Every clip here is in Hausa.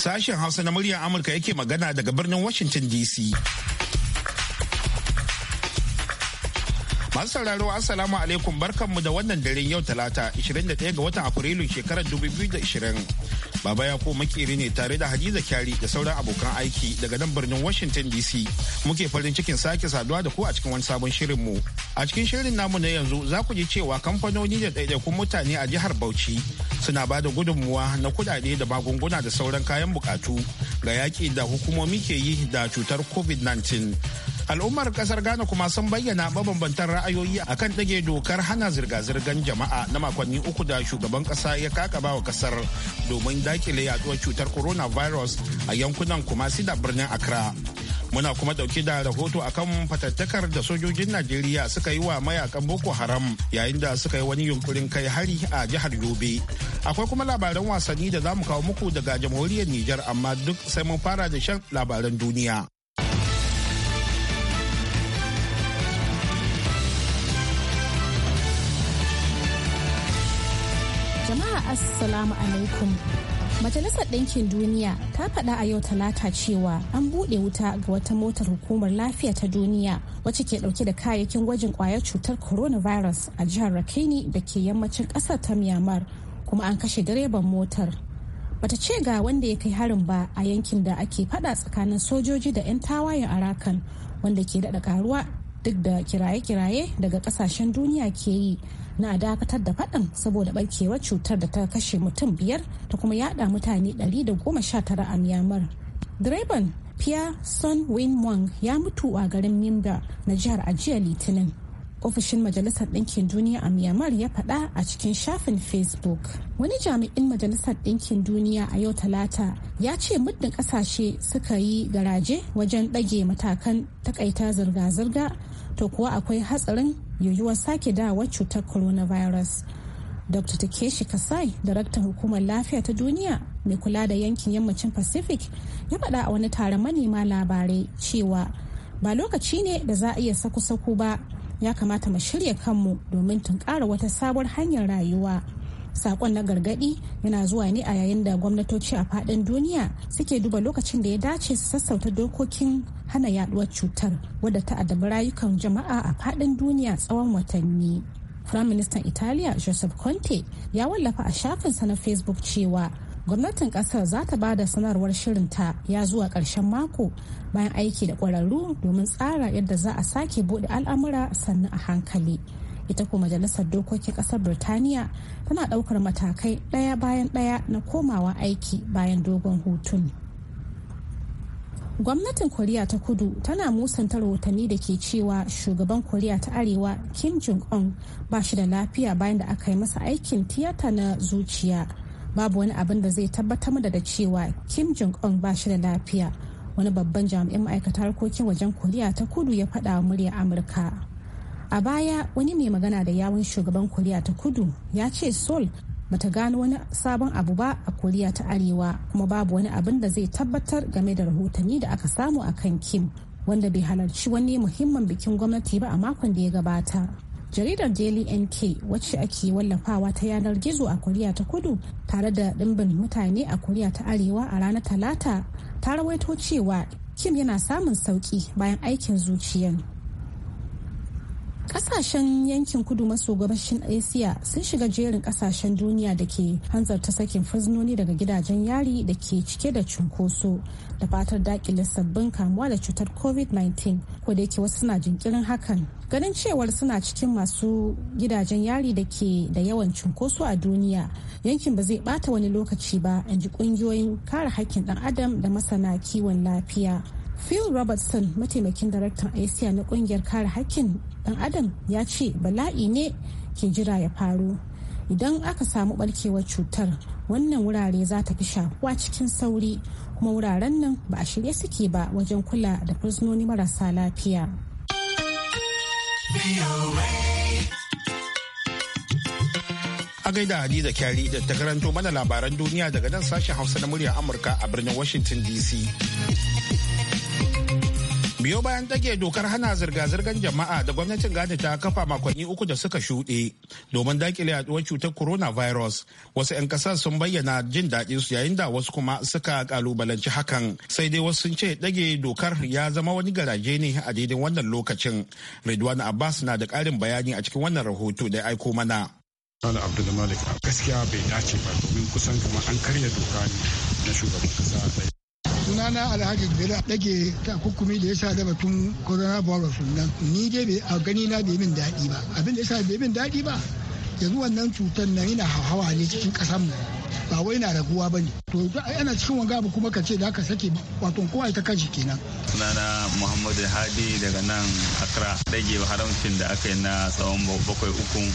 Sashen Hausa na muryar Amurka yake magana daga birnin Washington DC. Masu sauraro Assalamu alaikum barkanmu da wannan daren yau Talata 21 ga watan Afrilun shekarar 2020. Baba ya ko makeri ne tare da Hadiza Kyari da sauran abokan aiki daga nan birnin Washington DC. Muke farin cikin sake saduwa da ku a cikin wani sabon shirin mu. A cikin shirin namu na yanzu za ku ji cewa kamfanoni da ɗaiɗaikun mutane a jihar Bauchi suna ba da gudunmuwa na kuɗaɗe da magunguna da sauran kayan bukatu ga yaƙi da hukumomi ke yi da cutar COVID-19. al'ummar kasar ghana kuma sun bayyana mabambantan ra'ayoyi akan ɗage dokar hana zirga-zirgar jama'a na makonni uku da shugaban ƙasa ya kakaba wa ƙasar domin dakile yaduwar cutar coronavirus a yankunan kuma da birnin accra muna kuma dauke da rahoto akan fatattakar da sojojin najeriya suka yi wa mayakan boko haram yayin da suka yi wani yunkurin kai hari a jihar yobe akwai kuma labaran wasanni da za mu kawo muku daga jamhuriyar Nijar amma duk sai mun fara da shan labaran duniya assalamu alaikum Majalisar Ɗinkin Duniya ta faɗa a yau talata cewa an buɗe wuta ga wata motar hukumar lafiya ta duniya wacce ke ɗauke da kayayyakin gwajin ƙwayar cutar coronavirus a jihar Rakini da ke yammacin ƙasar ta Myanmar kuma an kashe direban motar. Bata ce ga wanda ya kai harin ba a yankin da ake faɗa tsakanin sojoji da 'yan tawayen Arakan wanda ke daɗa karuwa duk da kiraye-kiraye daga ƙasashen duniya ke yi na dakatar da faɗan saboda ɓarkewar cutar da ta kashe mutum biyar ta kuma yada mutane 119 a myanmar direban pierre son win wang ya mutu a garin mimba na jihar ajiya litinin ofishin majalisar ɗinkin duniya a myanmar ya faɗa a cikin shafin facebook wani jami'in majalisar ɗinkin duniya a yau talata ya ce muddin ƙasashe suka yi garaje wajen ɗage matakan takaita zirga-zirga to kuwa akwai hatsarin yiwuwar sake dawa cutar coronavirus. Dr. Takeshi Kasai, daraktan hukumar lafiya ta duniya mai kula da yankin yammacin Pacific, ya faɗa a wani taron manema labarai cewa ba lokaci ne da za a iya saku-saku ba ya kamata mu shirya kanmu domin tunƙara wata sabuwar hanyar rayuwa. sakon na gargadi yana zuwa ne a yayin da gwamnatoci a faɗin duniya suke duba lokacin da ya dace su sassauta dokokin hana yaduwar cutar wadda ta addabi rayukan jama'a a faɗin duniya tsawon watanni firaministan italiya joseph conte ya wallafa a shafinsa na facebook cewa gwamnatin kasar za ta bada sanarwar shirinta ya zuwa ƙarshen mako bayan aiki da ƙwararru domin tsara yadda za a sake buɗe al'amura sannan a hankali ita ko majalisar dokokin kasar birtaniya tana daukar matakai daya bayan daya na komawa aiki bayan dogon hutun gwamnatin koriya ta kudu tana musanta rahotanni da ke cewa shugaban koriya ta arewa kim jong-un ba shi da lafiya bayan da aka yi masa aikin tiyata na zuciya babu wani abin da zai tabbatar da da cewa kim jong-un ba shi da lafiya wani babban jami'in ma'aikatar harkokin wajen koriya ta kudu ya faɗa wa muryar amurka a baya wani mai magana da yawun shugaban koriya ta kudu ya ce sol bata gano wani sabon abu ba a koriya ta arewa kuma babu wani abin da zai tabbatar game da rahotanni da aka samu a kan kim wanda bai halarci wani muhimman bikin gwamnati ba a makon da ya gabata jaridar daily nk wacce ake wallafawa ta yanar gizo a koriya ta kudu tare da ɗimbin mutane a koriya ta arewa a ranar talata ta rawaito cewa kim yana samun sauki bayan aikin zuciyar. Kasashen yankin kudu maso gabashin asia sun shiga jerin kasashen duniya da ke hanzarta sakin fursunoni daga gidajen yari da ke cike da cunkoso da fatar dakile sabbin kamuwa da cutar COVID-19 ko da yake wasu suna jinkirin hakan. Ganin cewar suna cikin masu gidajen yari da ke da yawan cunkoso a duniya yankin ba zai bata wani lokaci ba in ji kungiyoyin kare haƙƙin ɗan adam da masana kiwon lafiya. phil robertson mataimakin daraktan asia na kungiyar kare hakkin dan adam ya ce bala'i ne ke jira ya faru idan aka samu barkewar cutar wannan wurare za ta fi shafuwa cikin sauri kuma wuraren nan ba a shirye suke ba wajen kula da fursunoni marasa lafiya a gaida Hadiza Kyari da ta karanto mana labaran duniya daga nan sashen Hausa na muryar Amurka a birnin Washington DC. biyo bayan dage dokar hana zirga-zirgar jama'a da gwamnatin gada ta kafa makonni uku da suka shuɗe domin dakile yaduwar cutar coronavirus wasu 'yan kasar sun bayyana jin daɗin su yayin da wasu kuma suka kalubalanci hakan sai dai wasu sun ce dage dokar ya zama wani garaje ne a daidai wannan lokacin ridwan abbas na da ƙarin bayani a cikin wannan rahoto da aiko mana Sala Abdulmalik gaskiya bai dace ba domin kusan kamar an karya doka ne na shugaban kasa sunana alhaji dake ta kukumi da ya sa da batun coronavirus nan ni dai a gani na bai min daɗi ba abin da ya sa bai min daɗi ba yanzu wannan cutar nan yana hawa ne cikin ƙasar mu ba wai na raguwa ba ne to ana cikin wanga abu kuma ka ce da aka sake wato kowa ita kashi kenan sunana muhammadu hadi daga nan accra rage haramcin da aka yi na tsawon bakwai ukun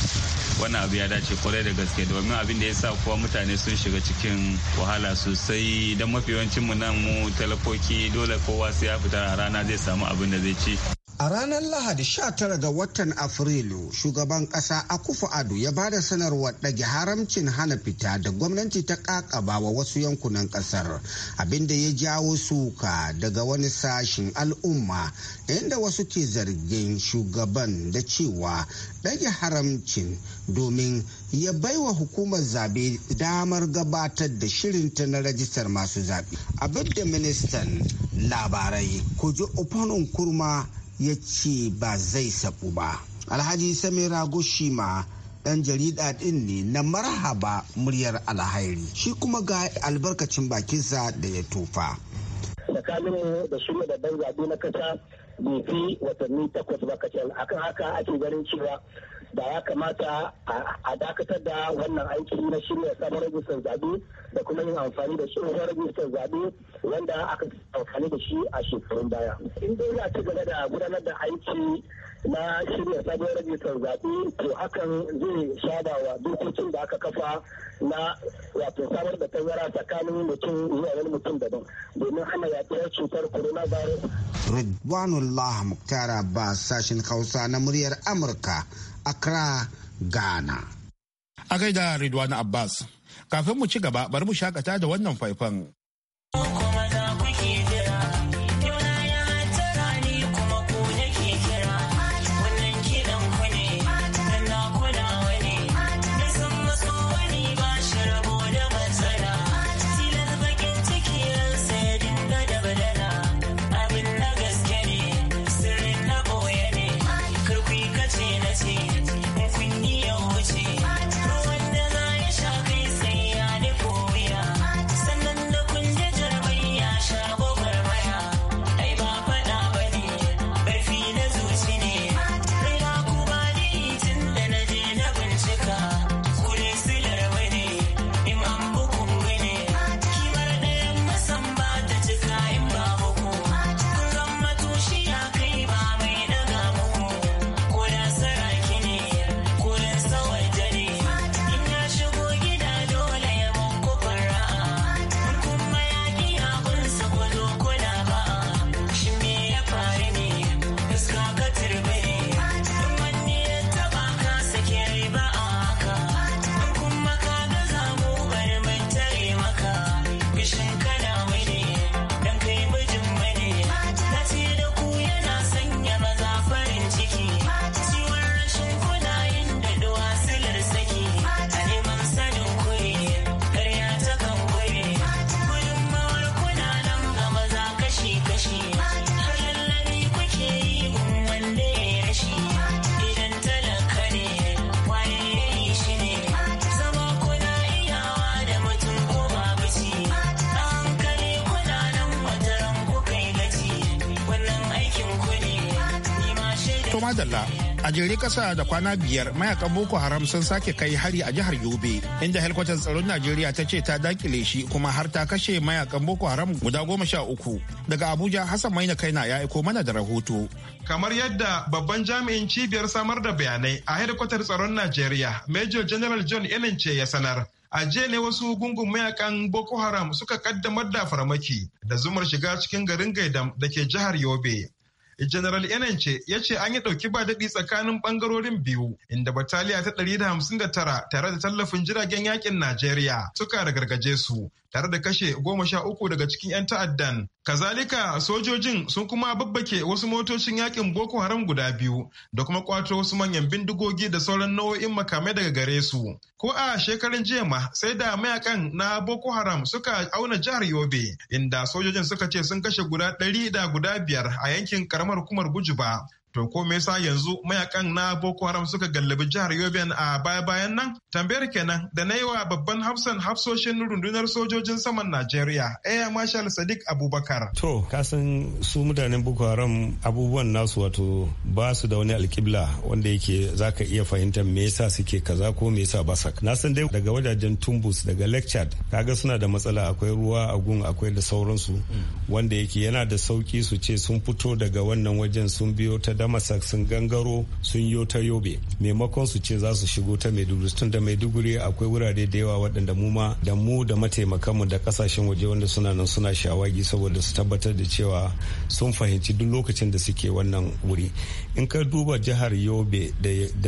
wannan abu ya dace kwarai da gaske domin abin da ya sa kuwa mutane sun shiga cikin wahala sosai don mafi mu nan mu talakoki dole kowa sai ya fita a rana zai samu abin da zai ci A ranar Lahadi 19 ga watan Afrilu, shugaban ƙasa Akufu Ado ya bada sanarwar ɗage haramcin hana fita da gwamnati gwamnati ta kakaba wa wasu yankunan ƙasar abinda ya jawo suka daga wani sashin al'umma inda wasu ke zargin shugaban da cewa ɗage haramcin domin ya baiwa hukumar zabe damar gabatar da shirinta na rajistar masu zaɓe abinda ministan labarai kuji ufanin kurma ya ce ba zai sabu ba alhaji samira gushima dan jarida din ne na marhaba muryar alhairi shi kuma ga albarkacin bakinsa da ya tofa tsakanin da su da ban zaɓe na kasa bai fi watanni takwas ba kacal akan haka ake ganin cewa da ya kamata a dakatar da wannan aiki na shirya sabon rajistar zaɓe da kuma yin amfani da tsohon rajistar zaɓe wanda aka amfani da shi a shekarun baya. In dai za ci gaba da gudanar da aiki na shirya sabon rajistar zaɓe to hakan zai shada wa dokokin da aka kafa na wato samar da tazara tsakanin mutum zuwa wani mutum daban domin hana yaduwar cutar coronavirus. Ridwanullah Muktar Abbas sashen Hausa na muryar Amurka Accra, Ghana. A gaida Ridwan Abbas, kafin mu ci gaba bari mu shakata da wannan faifan. jere kasa da kwana biyar mayakan Boko Haram sun sake kai hari a jihar Yobe, inda helkwatar tsaron Najeriya ta ce ta dakile shi kuma har ta kashe mayakan Boko Haram guda goma sha uku. Daga Abuja Hassan Maina Kaina ya aiko mana da rahoto. Kamar yadda babban jami'in cibiyar samar da bayanai a helkwatar tsaron Najeriya, Major General John Elince ya sanar. a jiya ne wasu gungun mayakan Boko Haram suka kaddamar da farmaki da zumar shiga cikin garin Gaidam da ke jihar Yobe. General Enenche ya ce an yi ɗauki ba daɗi tsakanin ɓangarorin biyu inda bataliya ta 159 tare da tallafin jiragen yakin Najeriya suka ragargaje su tare da kashe goma sha uku daga cikin 'yan ta'addan. Kazalika sojojin sun kuma babbake wasu motocin yakin Boko Haram guda biyu da kuma kwato wasu manyan bindigogi da sauran nau'o'in makamai daga gare su. Ko a shekarun jiya sai da mayakan na Boko Haram suka auna jihar Yobe inda sojojin suka ce sun kashe guda ɗari da guda biyar a yankin karamar hukumar Gujiba To ko me yasa yanzu mayakan na Boko Haram suka gallabi jihar Yobe a baya-bayan nan? Tambayar kenan da na yi wa babban hafsan hafsoshin rundunar sojojin saman Najeriya, Air Marshal Sadiq Abubakar. To, kasan su mutanen Boko Haram abubuwan nasu wato ba su da wani alkibla wanda yake zaka iya fahimta me yasa suke kaza ko me yasa ba sa. Na san dai daga wajajen Tumbus daga Lake kaga suna da matsala akwai ruwa a gun akwai da sauransu hmm. wanda yake yana da sauki su ce sun fito daga wannan wajen sun biyo ta damasak sun gangaro sun yo ta yobe maimakon su ce za su shigo ta maiduguri tun da maiduguri akwai wurare da yawa waɗanda mu ma da mu da mataimakanmu da kasashen waje wanda suna nan suna shawagi saboda su tabbatar da cewa sun fahimci duk lokacin da suke wannan wuri in ka duba jihar yobe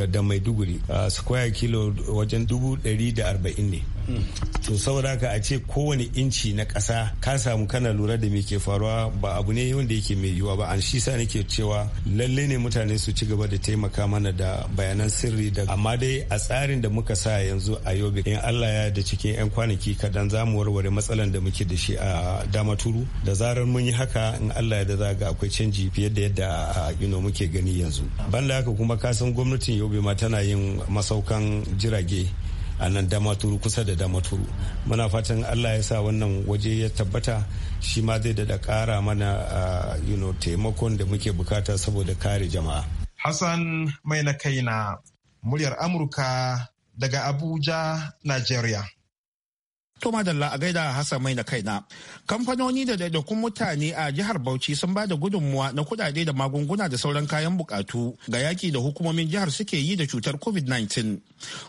da maiduguri square kilo wajen dubu ɗari da arba'in ne to saboda haka a ce kowane inci na ƙasa ka samu kana lura da me ke faruwa ba abu ne wanda yake mai yiwuwa ba an shi sa nake cewa lalle ne mutane su ci gaba da taimaka mana da bayanan sirri da amma dai a tsarin da muka sa yanzu a yobe in Allah ya da cikin 'yan kwanaki kadan za mu warware matsalan da muke da shi a dama turu da zarar mun yi haka in Allah ya da za ga akwai canji fiye da yadda a muke gani yanzu banda haka kuma kasan gwamnatin yobe ma tana yin masaukan jirage a nan damaturu kusa da damaturu muna fatan allah ya sa wannan waje ya tabbata shi ma zai da kara mana taimakon da muke bukata saboda kare jama'a hassan mai na kai na muryar amurka daga abuja nigeria To madalla a gaida hasa mai na kaina. Kamfanoni da daidakun mutane a jihar Bauchi sun ba da gudunmuwa na kudade da magunguna da sauran kayan bukatu ga yaki da hukumomin jihar suke yi da cutar COVID-19.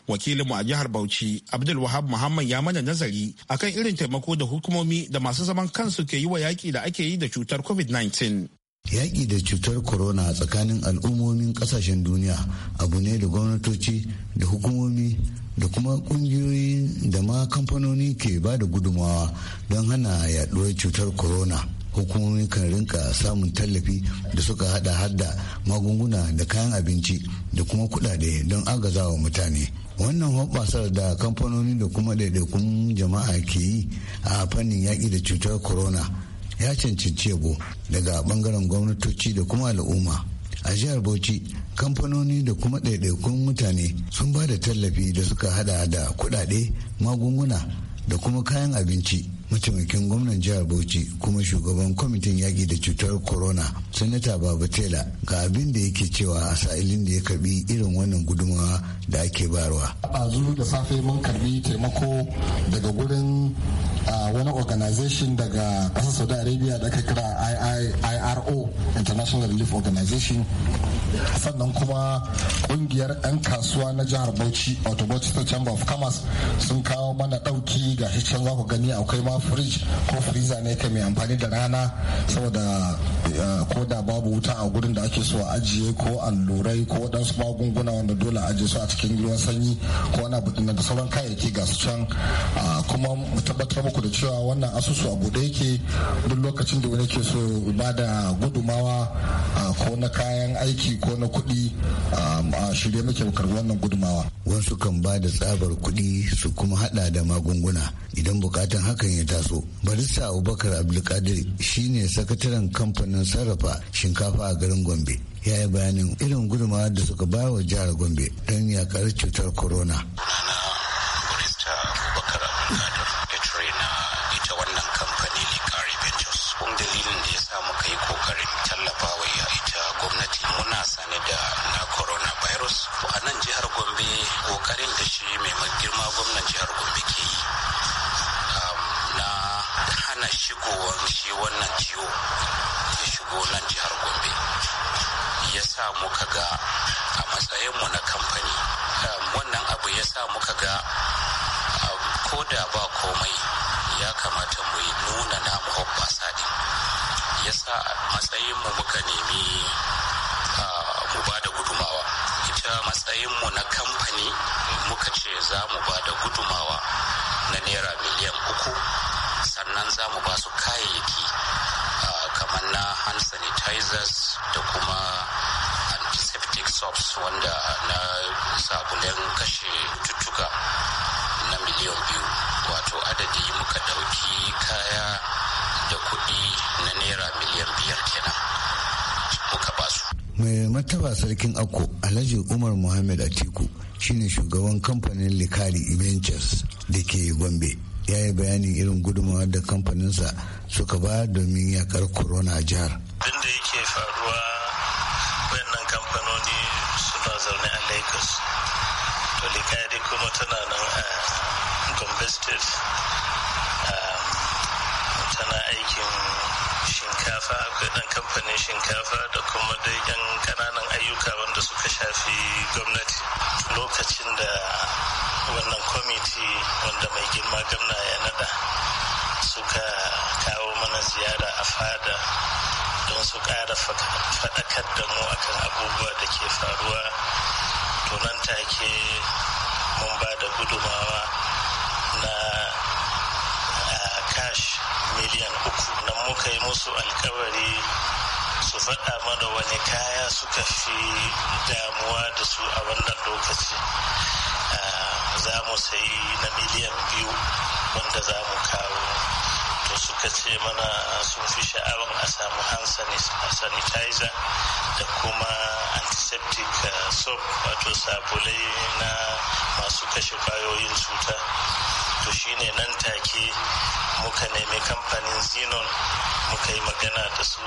Wakilinmu a jihar Bauchi, Abdul Wahab Muhammad ya mana nazari akan irin taimako da hukumomi da masu zaman kansu ke yi wa yaki da ake yi da cutar COVID-19. yaƙi da cutar corona tsakanin al'ummomin ƙasashen duniya abu ne da gwamnatoci da hukumomi da kuma kungiyoyi da ma kamfanoni ke ba da gudumawa don hana yaduwar cutar corona hukumomi kan rinka samun tallafi da suka hada hada magunguna da kayan abinci da kuma kudade don agazawa mutane wannan hoɓasar da kamfanoni da kuma ɗaiɗaikun jama'a ke yi a fannin yaƙi da cutar corona ya cancanci yabo daga ɓangaren gwamnatoci da kuma al'umma a jihar bauchi kamfanoni da kuma ɗaiɗaikun mutane sun ba da tallafi da suka hada da kuɗaɗe magunguna da kuma kayan abinci mataimakin gwamnan jihar bauchi kuma shugaban kwamitin yaƙi da cutar corona sanata baba tela ga abin da yake cewa a sa'ilin da ya karbi irin wannan gudumawa da ake barwa ɗazu da safe mun karbi taimako daga gurin wani organization daga ƙasar saudi arabia da aka kira iro international relief organization sannan kuma kungiyar 'yan kasuwa na jihar bauchi wato bauchi chamber of commerce sun kawo mana ɗauki ga shi za ku gani akwai ma fridge ko freezer ne ka mai amfani da rana saboda eh, ko da babu wuta a gurin da ake so a ajiye ko allurai ko waɗansu magunguna wanda dole a ajiye su a cikin ruwan sanyi ko ana abu da sauran kayayyaki ga su can ah, kuma mu tabbatar muku da cewa wannan asusu a buɗe yake duk lokacin da wani ke so ba da gudumawa ah, ko na kayan aiki ko na kuɗi ah, a shirye muke karɓi wannan gudumawa wasu kan ba da tsabar kuɗi su kuma haɗa da magunguna idan bukatan hakan ya taso barista abubakar abdulkadir shi ne sakataren kamfanin sarrafa shinkafa a garin gombe ya yi bayanin irin gudunmawa da suka ba wa jihar gombe don yakar cutar corona martaba sarkin akko alhaji umar muhammad atiku shine shugaban kamfanin likari ventures da ke gombe ya yi bayanin irin gudunmawa da kamfaninsa suka ba domin yakar corona a jihar abin da yake faruwa wayannan kamfanoni suna zaune a lagos to likari kuma tana nan a gombe state shinkafa akwai ɗan kamfanin shinkafa da kuma dai yan ƙananan ayyuka wanda suka shafi gwamnati lokacin da wannan kwamiti wanda mai girma gamna ya nada suka kawo mana ziyara a fada don su ƙara faɗakar da mu akan abubuwa da ke faruwa to nan take mun ba da gudumawa na cash miliyan uku na muka yi musu alkawari su faɗa mana wani kaya suka fi damuwa da su a wannan lokaci ah, za mu sayi na miliyan biyu wanda za mu kawo to suka ce mana sun fi sha'awar a samu hand sanitizer da kuma antiseptic ah, soap wato sabulai na masu kashe kwayoyin cuta ne nan take muka nemi kamfanin zinon muka yi magana da su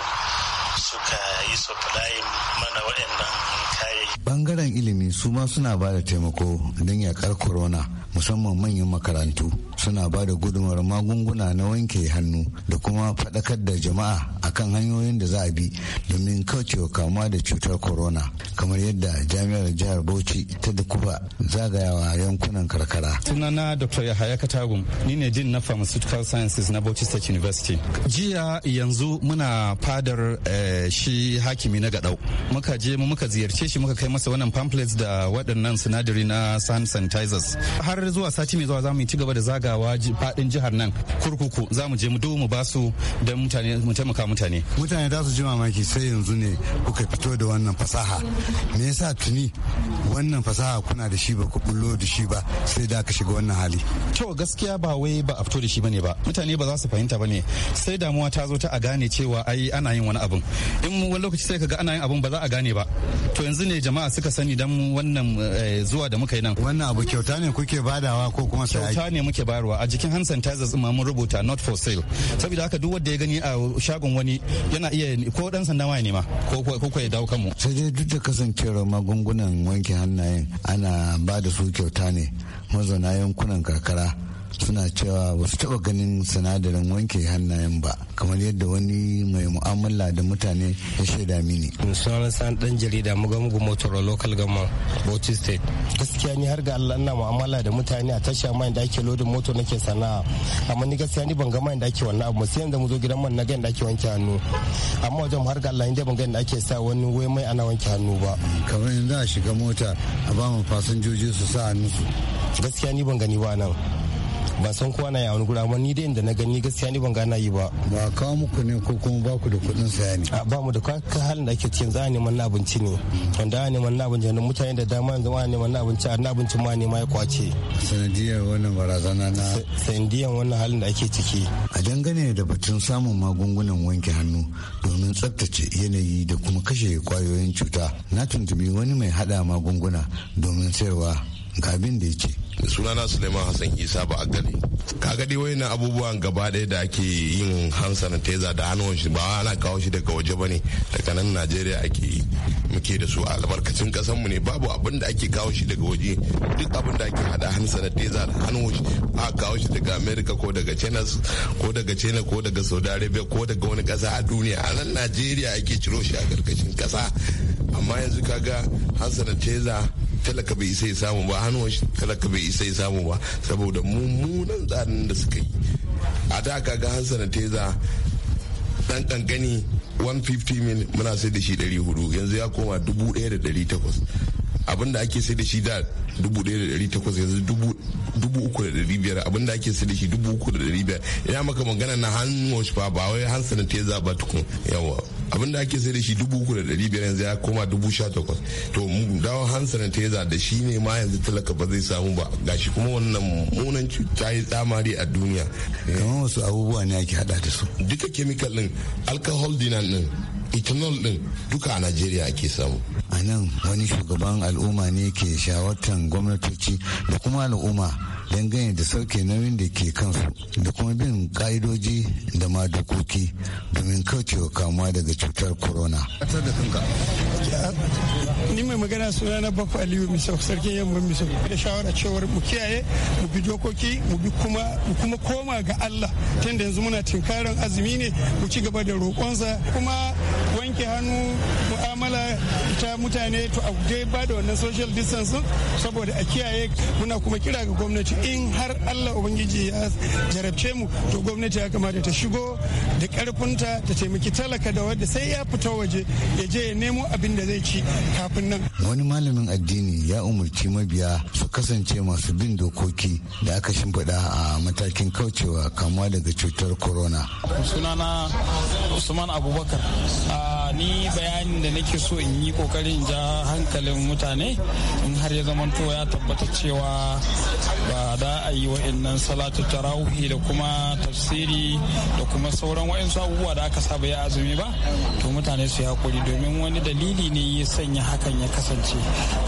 suka yi supply mana waɗannan kayayyaki. bangaren ilimi su ma suna ba da taimako don yakar corona musamman manyan makarantu suna ba da gudunmawar magunguna na wanke hannu da kuma faɗakar da jama'a akan hanyoyin da za a bi domin kaucewa kamuwa da cutar corona kamar yadda jami'ar jihar bauchi ta da kuba zagayawa yankunan karkara sunana dr yahaya katagun ni ne din na pharmaceutical sciences na bauchi state university jiya yanzu muna fadar eh, shi hakimi na gadau muka je mu muka ziyarce shi muka kai masa wannan pamphlets da waɗannan sinadari na hand sanitizers har zuwa sati mai zuwa za mu ci gaba da zaga zagawa fadin jihar nan kurkuku za mu je mu mu ba su don mutane mu taimaka mutane mutane za su ji mamaki sai yanzu ne kuka fito da wannan fasaha me yasa tuni wannan fasaha kuna da shi ba ku bullo da shi ba sai da ka shiga wannan hali to gaskiya ba wai ba a fito da shi bane ba mutane ba za su fahimta bane sai damuwa ta zo ta a gane cewa ai ana yin wani abu in wani lokaci sai ka ga ana yin abu ba za a gane ba to yanzu ne jama'a suka sani dan wannan eh, zuwa da muka yi nan wannan abu kyauta ne kuke badawa ko kuma sai kyauta ne muke bayar bayarwa a jikin hand sanitizer ma mun rubuta not for sale saboda haka duk wanda ya gani a shagon wani yana iya ko dan sanda ma ya nema ko ko ya dawo kanmu sai dai duk da kasancewar magungunan wanke hannayen ana ba da su kyauta ne mazauna yankunan karkara suna cewa ba su taɓa ganin sinadarin wanke hannayen ba kamar yadda wani mai mu'amala da mutane ya shaida mini. sunan san dan jarida mugamugu motoro local government bauchi state gaskiya ni har ga allah ina mu'amala da mutane a tasha mai da ake lodin moto nake sana'a amma ni gaskiya ni ban ga mai da ake wannan abu sai yanzu mu zo gidan man na ga da ake wanke hannu amma wajen har ga allah inda ban ga da ake sa wani wai mai ana wanke hannu ba kamar yanzu a shiga mota a ba mu fasinjoji su sa hannu su gaskiya ni ban gani ba nan ba san kowa na yi a wani ni da inda na gani gaskiya ni ban gana yi ba ba kawo muku ne ko kuma ba ku da kuɗin saya ne ba mu da ka halin da ake cikin za a neman na abinci ne wanda a neman na abinci wanda mutane da dama yanzu a neman na abinci a na abinci ma ne ma ya kwace sanadiyar wannan barazana na sanadiyar wannan halin da ake ciki a dangane da batun samun magungunan wanke hannu domin tsaftace yanayi da kuma kashe kwayoyin cuta na tuntubi wani mai hada magunguna domin sayarwa ga abin da ya ce sunana suleiman hassan isa ba agali kaga dai wayannan abubuwan gaba ɗaya da ake yin hand teza da hannun shi ba ana kawo shi daga waje bane daga nan najeriya ake muke da su a albarkacin kasan mu ne babu abin da ake kawo shi daga waje duk abin da ake hada hand teza da hannun shi a kawo shi daga america ko daga china ko daga china ko daga saudi arabia ko daga wani kasa a duniya a nan najeriya ake ciro shi a karkashin kasa amma yanzu kaga hand teza. talaka bai isa ya samu ba hannun shi talaka bai isa ya samu ba saboda mummunan tsarin da suka yi a da ga hansa teza dan kankani 150 min muna sai da shi 400 yanzu ya koma 1800 abinda ake sai da shi da 1800 yanzu 3500 abinda ake sai da shi 3500 ina maka magana na hannu ba wai hansa na teza ba tukun yawa abin da ake sai da shi dubu uku da ɗari biyar yanzu ya koma dubu sha takwas to dawon ta yaza da shi ne ma yanzu talaka ba zai samu ba gashi kuma wannan munan cuta yi tsamari a duniya eh. kamar wasu abubuwa ne ake hada da su duka kemikal din alcohol dinan din ethanol din duka a najeriya ake samu a nan wani shugaban al'umma ne ke shawartan gwamnatoci da kuma al'umma dangane da sauke nauyin da ke kansu da kuma bin ka'idoji da ma dokoki domin kaucewa kamuwa daga cutar corona. ni mai magana suna na bako aliyu misau sarkin yamma misau da shawara cewar mu kiyaye mu bi dokoki mu bi kuma mu kuma koma ga Allah tun da yanzu muna tinkarin azumi ne mu ci gaba da roƙonsa kuma wanke hannu mu'amala ta mutane to a guje ba da wannan social distance saboda a kiyaye muna kuma kira ga gwamnati in har allah ubangiji ya jarabce mu to gwamnati ya kamata ta shigo da karfunta ta taimaki talaka da wadda sai ya fita waje ya je ya nemo abin da zai ci kafin nan wani malamin addini ya umarci mabiya su kasance masu bin dokoki da aka shimfiɗa a matakin kaucewa kamuwa daga cutar corona sunana usman abubakar ni bayanin da nake so in yi kokarin ja hankalin mutane in har ya zamanto ya tabbata cewa ba da a yi wa'annan salatu tarawihi da kuma tafsiri da kuma sauran wa'ansu abubuwa da aka saba ya azumi ba to mutane su hakuri domin wani dalili ne ya sanya hakan ya kasance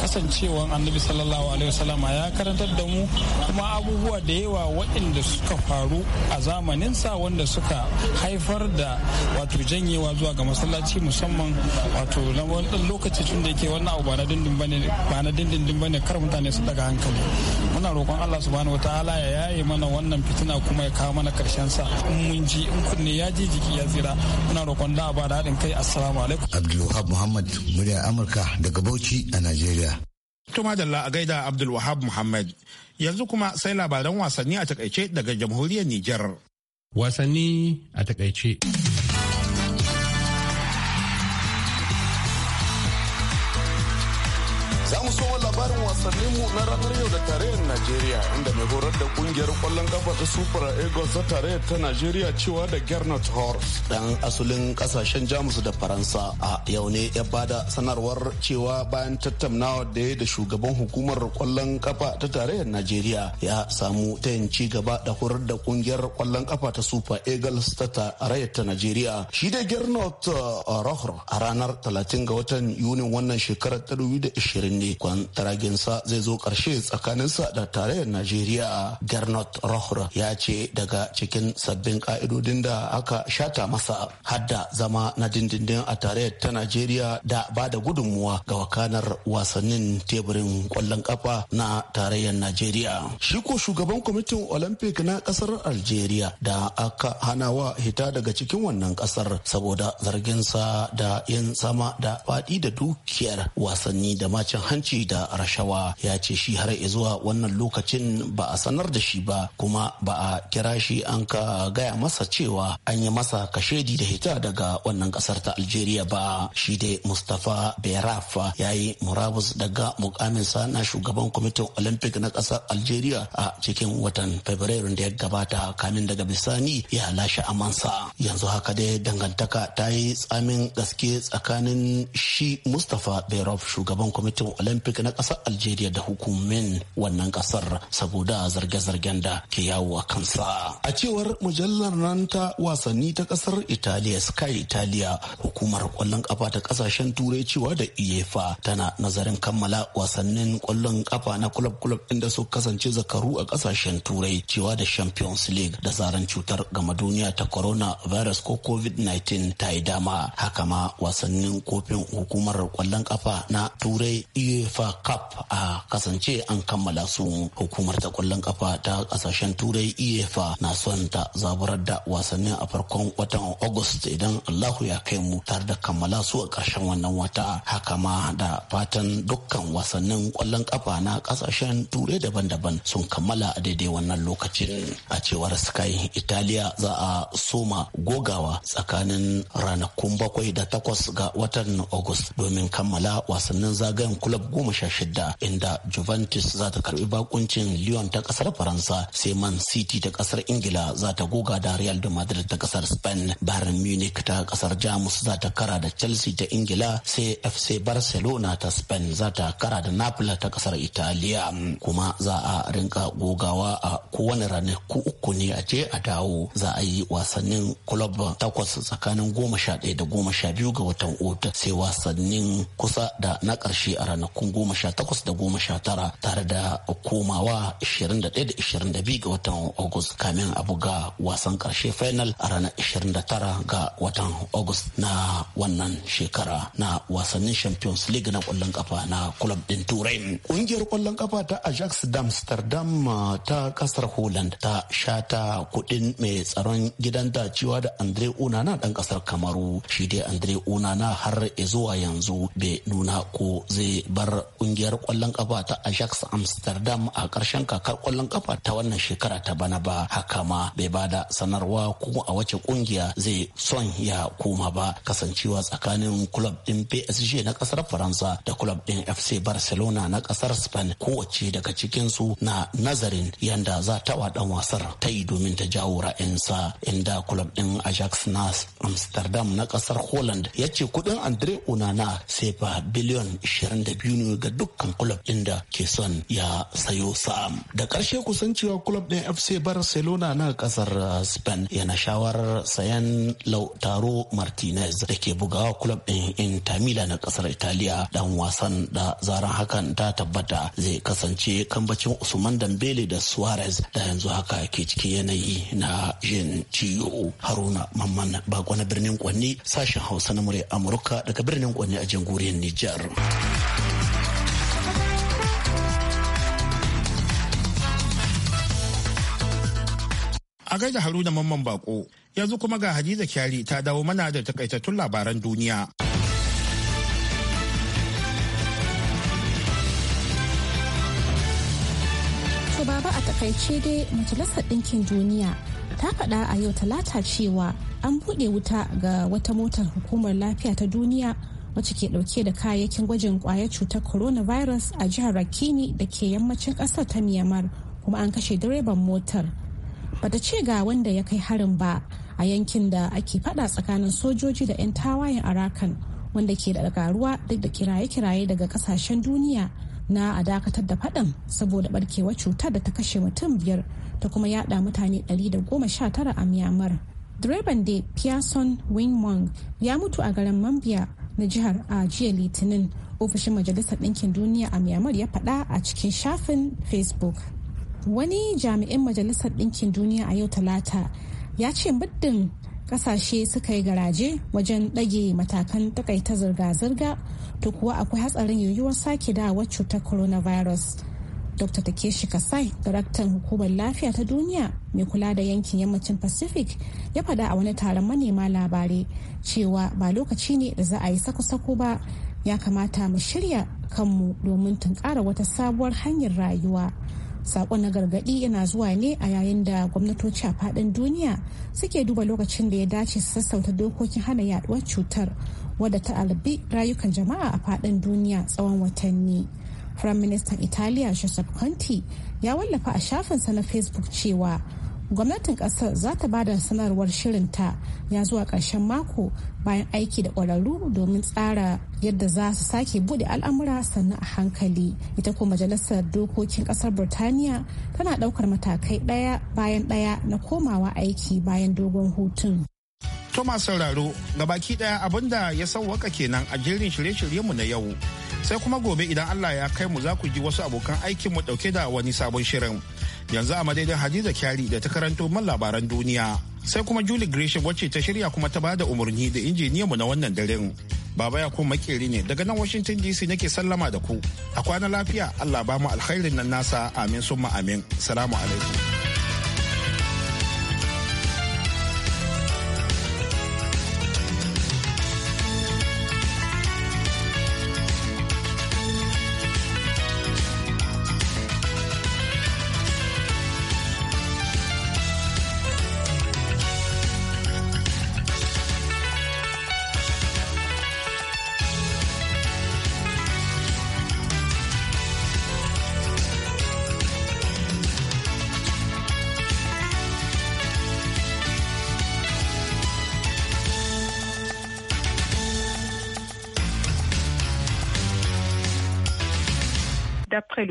kasancewan annabi sallallahu alaihi wasallama ya karantar da mu kuma abubuwa da yawa wa'anda suka faru a zamaninsa wanda suka haifar da wato janyewa zuwa ga masallaci musamman wato na wannan lokaci tun da yake wannan abu ba na ba bane kar mutane su daga hankali muna roƙon Allah subhanahu wataala ya yaye mana wannan fitina kuma ya kawo mana karshen sa in mun ji in kunne ya ji jiki ya tsira muna roƙon da ba da haɗin kai assalamu alaikum Abdulwahab Muhammad murya Amurka daga Bauchi a Najeriya to madalla a gaida Abdulwahab Muhammad yanzu kuma sai labaran wasanni a takaice daga jamhuriyar Nijar wasanni a takaice wasanninmu na ranar yau da tarayyar Najeriya inda mai horar da kungiyar kwallon kafa ta Super Eagles ta tarayyar ta Najeriya cewa da Gernot Horst dan asulin kasashen Jamus da Faransa a yau ne ya bada sanarwar cewa bayan tattaunawa da ya da shugaban hukumar kwallon kafa ta tarayyar Najeriya ya samu tayin ci gaba da horar da kungiyar kwallon kafa ta Super Eagles ta tarayyar ta Najeriya shi da Gernot eh, Rohr a ranar 30 ga watan yuni wannan shekarar 2020 ne kwan taragensa sa zai zo ƙarshe tsakaninsa da tarayyar najeriya gernot Rohra ya ce daga cikin sabbin ƙa'idodin da aka shata masa hadda zama na dindindin a tarayyar ta najeriya da ba da gudunmuwa ga wakanar wasannin teburin kwallon ƙafa na tarayyar najeriya shi ko shugaban kwamitin olympic na ƙasar algeria da aka hana wa hita daga cikin wannan ƙasar saboda zarginsa da yin sama da faɗi da dukiyar wasanni da macin hanci da rashawa ya ce shi har zuwa wannan lokacin ba a sanar da shi ba kuma ba a kira shi an ka gaya masa cewa an yi masa kashedi da hita daga wannan kasar ta algeria ba shi dai mustapha berafa ya yi murabus daga mukaminsa na shugaban kwamitin olympic na kasar algeria a cikin watan fabrairu da ya gabata kamin daga bisani ya lashe amansa yanzu haka dai dangantaka ta yi tsamin gaske tsakanin shi mustapha beraf shugaban kwamitin olympic na kasar algeria najeriya da hukumin wannan kasar saboda zarge-zargen da ke yawo a kansa a cewar mujallar nan ta wasanni ta kasar italiya sky italiya hukumar kwallon kafa ta kasashen turai cewa da uefa tana nazarin kammala wasannin kwallon kafa na kulab-kulab inda su kasance zakaru a kasashen turai cewa da champions league da zaren cutar gama duniya ta coronavirus ko covid-19 ta yi dama haka ma wasannin kofin hukumar kwallon kafa na turai uefa cup a A kasance an kammala su hukumar ta kwallon kafa ta kasashen turai efa na son ta zaburar da wasanni a farkon watan august idan allahu ya kai mu tare da kammala su a ƙarshen wannan wata haka ma da fatan dukkan wasannin kwallon kafa na kasashen turai daban-daban sun kammala a daidai wannan lokacin a cewar sky italiya za a soma gogawa tsakanin ranakun bakwai da takwas ga watan august domin kammala wasannin zagayen kulab goma sha shida da Juventus za ta karbi bakuncin Lyon ta kasar Faransa sai Man City ta kasar Ingila za ta goga da Real de Madrid ta kasar Spain, Bayern Munich ta kasar Jamus za ta kara da Chelsea ta Ingila sai FC Barcelona ta Spain za ta kara da Napoli ta kasar Italiya kuma za a rinka gogawa a kowane ranaku uku ne a je a dawo za a yi wasannin club takwas tsakanin goma sha ɗaya da goma sha biyu ga watan Ota sai wasannin kusa da na ƙarshe a ranakun goma sha takwas da tara tare da komawa 21 da 22 ga watan August kamin a buga wasan karshe final a ranar 29 ga watan August na wannan shekara na wasannin Champions League na kwallon kafa na club din Turai. Kungiyar kwallon kafa ta Ajax damsterdam uh, ta kasar Holland ta shata kudin mai tsaron gidan ta cewa da Andre unana dan kasar Kamaru. Shi dai Andre unana har zuwa yanzu bai nuna ko zai bar kungiyar kwallon kwallon kafa ta Ajax Amsterdam a karshen kakar kwallon kafa ta wannan shekara ta bana ba haka ma bai bada sanarwa ko a wace kungiya zai son ya koma ba kasancewa tsakanin club din PSG na kasar Faransa da club din FC Barcelona na kasar Spain kowace daga cikin su na nazarin yanda za ta wa wasar ta yi domin ta jawo ra'ayinsa inda club din Ajax na Amsterdam na kasar Holland ya ce kudin Andre Onana sai ba biliyon 22 ne ga dukkan club club din da ke son ya sayo sa'am da ƙarshe kusan cewa club ɗin fc barcelona na ƙasar uh, spain yana shawarar sayan lautaro martinez da ke bugawa club ɗin inter milan na ƙasar italiya dan wasan da zaran hakan ta tabbata zai kasance kambacin usman dambele da suarez da yanzu haka ke cikin yanayi na jin ciwo haruna mamman bako na birnin kwanni sashen hausa na murya amurka daga birnin kwanni a jamhuriyar nijar A gaida Haruna Mamman Bako, yanzu kuma ga Hadiza Kyari ta dawo mana da takaitattun labaran duniya. baba a takaice dai majalisar ɗinkin duniya ta faɗa a yau talata cewa an buɗe wuta ga wata motar hukumar lafiya ta duniya wacce ke ɗauke da kayayyakin gwajin ƙwayar cutar coronavirus a jihar rakini da ke yammacin ƙasar ta myanmar kuma an kashe direban motar bata ce ga wanda ya kai harin ba a yankin da ake fada tsakanin sojoji da 'yan tawayen arakan wanda ke da karuwa duk da kiraye-kiraye daga kasashen duniya na a dakatar da fadan saboda barkewar cutar da ta kashe mutum biyar ta kuma yada mutane 119 a myanmar direban de pearson wingmong ya mutu a garin mambia na jihar a jiya litinin ofishin majalisar ɗinkin duniya a myanmar ya faɗa a cikin shafin facebook wani jami'in majalisar ɗinkin duniya a yau talata ya ce muddin ƙasashe suka yi garaje wajen ɗage matakan takaita zirga-zirga to kuwa akwai hatsarin yiwuwar sake dawa cutar coronavirus dr takeshi kasai daraktan hukumar lafiya ta duniya mai kula da yankin yammacin pacific ya faɗa a wani taron manema labarai cewa ba lokaci ne da za a yi sako-sako ba ya kamata mu shirya kanmu domin tunkara wata sabuwar hanyar rayuwa Sakon na gargadi yana zuwa ne a yayin da gwamnatoci a fadin duniya suke duba lokacin da ya dace su sassauta dokokin hana yaduwar cutar wadda ta albi rayukan jama'a a fadin duniya tsawon watanni. Firaministan Italiya Joseph conti ya wallafa a shafinsa na Facebook cewa gwamnatin kasar za ta ba da sanarwar shirinta ya zuwa ƙarshen mako bayan aiki da ƙwararru domin tsara yadda za su sake bude al'amura sannan a hankali ita ko majalisar dokokin kasar burtaniya tana ɗaukar matakai ɗaya bayan ɗaya na komawa aiki bayan dogon hutun Thomas sauraro baki ɗaya da ya sauwaka kenan a jirin shirye-shiryenmu na yau sai kuma gobe idan Allah ya kai mu za ku ji wasu abokan aikinmu ɗauke da wani sabon shirin. yanzu a madaidin hadiza kyari da ta karanto man labaran duniya sai kuma julie gresham wacce ta shirya kuma ta bada umarni da mu na wannan daren baba ya kuma makeri ne daga nan washington dc nake sallama da ku a kwana lafiya allah ba mu alkhairin nan nasa amin summa amin salamu alaikum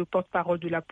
le porte-parole de la police